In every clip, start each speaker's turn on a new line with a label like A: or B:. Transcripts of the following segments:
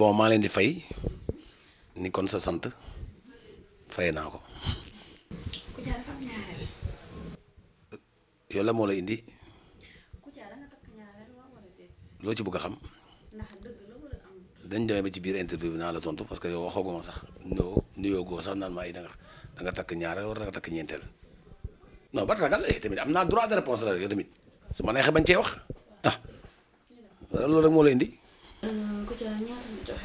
A: bon ma len di fay ni kon sa sante fay na ko. ku jaar fam ñaareel. yo la mo la indi. ku Kouthia da nga takk wa wala déet. lo ci bëgg xam. ndax dëgg la wala am dañ demee ba ci biir interview na la tontu parce que yow waxoo ma sax no nuyo go sax nan ma ay da nga da nga tak ñaareel wala da nga takk ñeenteel. non ba ragal eh tamit amna droit de réponse la yo tamit su ma neexee bañ ci wax ah loolu rek mo la indi. Kouthia euh, ñaata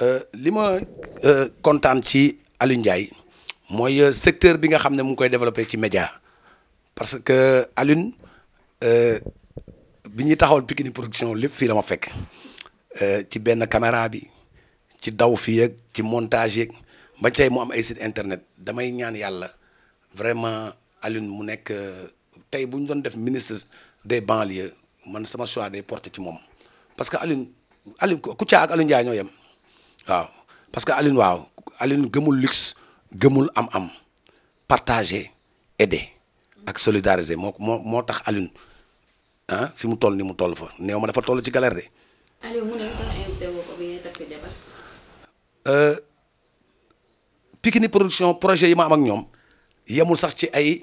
A: euh, li ma euh, kontaan ci Aliou mooy secteur bi nga xam ne mu ngi koy développé ci média parce que Aliou bi ñuy taxawal Pikini production lépp fii la ma fekk ci benn caméra bi ci daw fii ak ci montage yeeg ba tey mu am ay internet damay ñaan yàlla vraiment Aliou mu nekk tey bu ñu doon def ministre des banlieues man sama choix day porté ci moom. parce que Alioune ku ci ak Alioune jaño yam waaw parce que Alioune waaw Alioune gemul luxe gemul am-am partager aider ak solidariser mo mo tax Alioune hein ah, fi mu toll ni mu toll fa neuma dafa toll ci galère de. Aliou mu ne kon invité woo ko bi ngay takk jabar. Euh, Pikini production projet yi ma am ak ñom yamul sax ci ay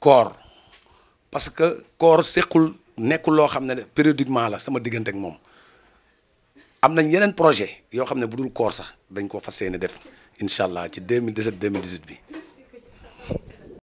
A: corps parce que corps sekul nekkul loo xam ne périodiquement la sama diggante moom am nañ yeneen projet yoo xam ne bu koo koor sax dañ ko fas yéene def incha allah ci 2017 2018 bi